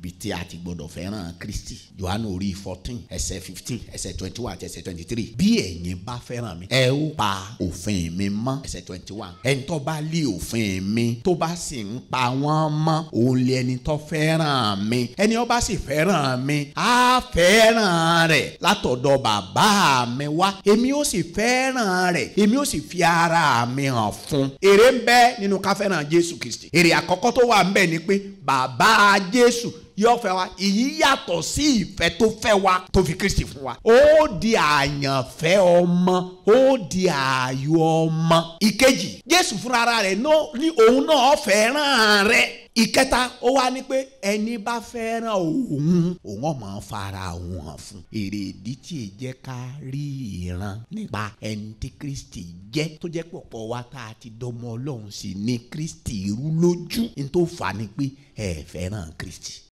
ibi tí a ti gbọdọ̀ fẹ́ràn Kristi Jòhánù orí fourteen ẹsẹ̀ fifteen ẹsẹ̀ twenty one àti ẹsẹ̀ twenty three bí ẹ̀yin bá fẹ́ràn mi ẹ ó pa òfin mi mọ́ ẹsẹ̀ twenty one ẹni tó bá lé òfin mi tó bá sì ń pa wọ́n mọ́ òun lé ẹni tó fẹ́ràn mi ẹni ó bá sì fẹ́ràn mi á fẹ́ràn rẹ̀ látọ̀dọ̀ bàbá mi wá èmi ó sì fẹ́ràn rẹ̀ èmi ó sì fi ara mi hàn fún èrè ń bẹ nínú ká fẹ́ràn Jésù Kristi èrè àkọ́kọ́ tó wà ń bẹ ni pé bàbá Jésù yóò fẹ́ wa èyí yàtọ̀ sí ìfẹ́ tó fẹ́ wa tó fi Kristi fún wa ó di àyànfẹ́ ọmọ ó di ààyò ọmọ ìkejì Jésù fúnra rẹ̀ ní òun náà fẹ́ràn rẹ̀ ìkẹta ó wá ní pé ẹni bá fẹ́ràn òun òun ọmọ fara òun hàn fún èrèdí tí ì jẹ́ ká rí ìran nípa ẹni tí Kristi jẹ́ tó jẹ́ pọ̀pọ̀ wa tá a ti dọmọ Ọlọ́run sí ní Kristi rú lójú ní tó fà á ni pé ẹ fẹ́ràn Kristi